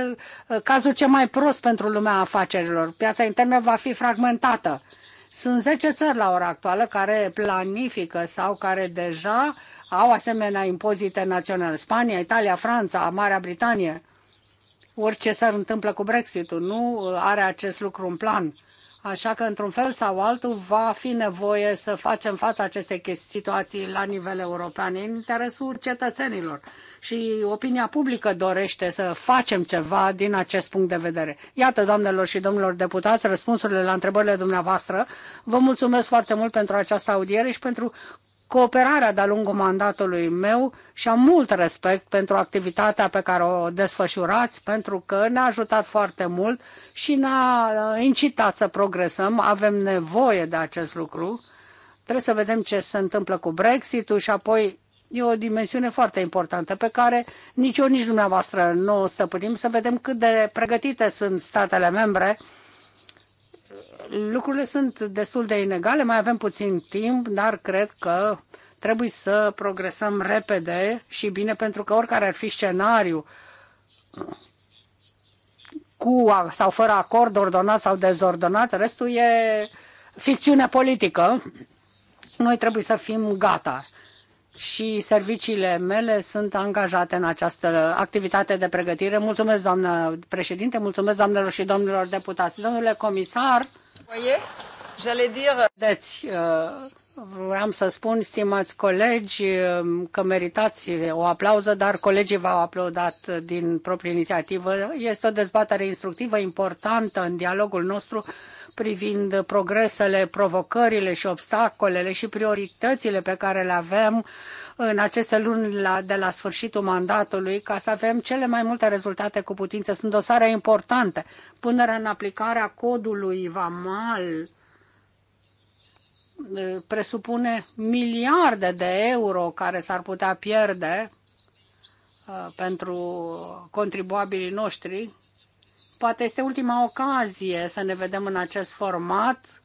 uh, cazul cel mai prost pentru lumea afacerilor. Piața internă va fi fragmentată. Sunt 10 țări la ora actuală care planifică sau care deja au asemenea impozite naționale. Spania, Italia, Franța, Marea Britanie – orice s-ar întâmplă cu Brexitul. Nu uh, are acest lucru în plan. Așa că, într-un fel sau altul, va fi nevoie să facem față acestei situații la nivel european, în interesul cetățenilor. Și opinia publică dorește să facem ceva din acest punct de vedere. Iată, doamnelor și domnilor deputați, răspunsurile la întrebările dumneavoastră. Vă mulțumesc foarte mult pentru această audiere și pentru cooperarea de-a lungul mandatului meu și am mult respect pentru activitatea pe care o desfășurați, pentru că ne-a ajutat foarte mult și ne-a uh, incitat să progresăm. Avem nevoie de acest lucru. Trebuie să vedem ce se întâmplă cu Brexit-ul și apoi e o dimensiune foarte importantă pe care nici eu, nici dumneavoastră nu o stăpânim, să vedem cât de pregătite sunt statele membre lucrurile sunt destul de inegale, mai avem puțin timp, dar cred că trebuie să progresăm repede și bine, pentru că oricare ar fi scenariu, cu sau fără acord, ordonat sau dezordonat, restul e ficțiune politică. Noi trebuie să fim gata și serviciile mele sunt angajate în această activitate de pregătire. Mulțumesc, doamnă președinte, mulțumesc doamnelor și domnilor deputați. Domnule comisar, Euh, Vedeți, uh, vreau să spun, stimați colegi, um, că meritați o aplauză, dar colegii v-au aplaudat din proprie inițiativă. Este o dezbatere instructivă importantă în dialogul nostru privind progresele, provocările și obstacolele și prioritățile pe care le avem în aceste luni la, de la sfârșitul mandatului ca să avem cele mai multe rezultate cu putință. Sunt dosare importante. Punerea în aplicare a codului VAMAL eh, presupune miliarde de euro care s-ar putea pierde eh, pentru contribuabilii noștri. Poate este ultima ocazie să ne vedem în acest format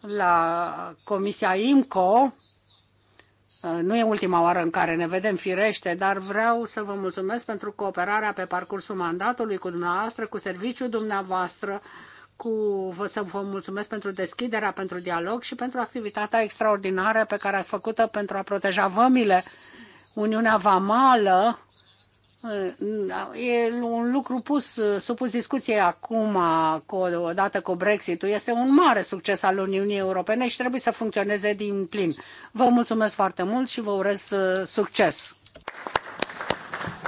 la Comisia IMCO Uh, nu e ultima oară în care ne vedem firește, dar vreau să vă mulțumesc pentru cooperarea pe parcursul mandatului cu dumneavoastră, cu serviciul dumneavoastră, cu, vă să vă mulțumesc pentru deschiderea, pentru dialog și pentru activitatea extraordinară pe care ați făcut-o pentru a proteja vămile. Uniunea Vamală E un lucru pus, supus discuției acum, cu, odată cu Brexit-ul. Este un mare succes al Uniunii Europene și trebuie să funcționeze din plin. Vă mulțumesc foarte mult și vă urez uh, succes!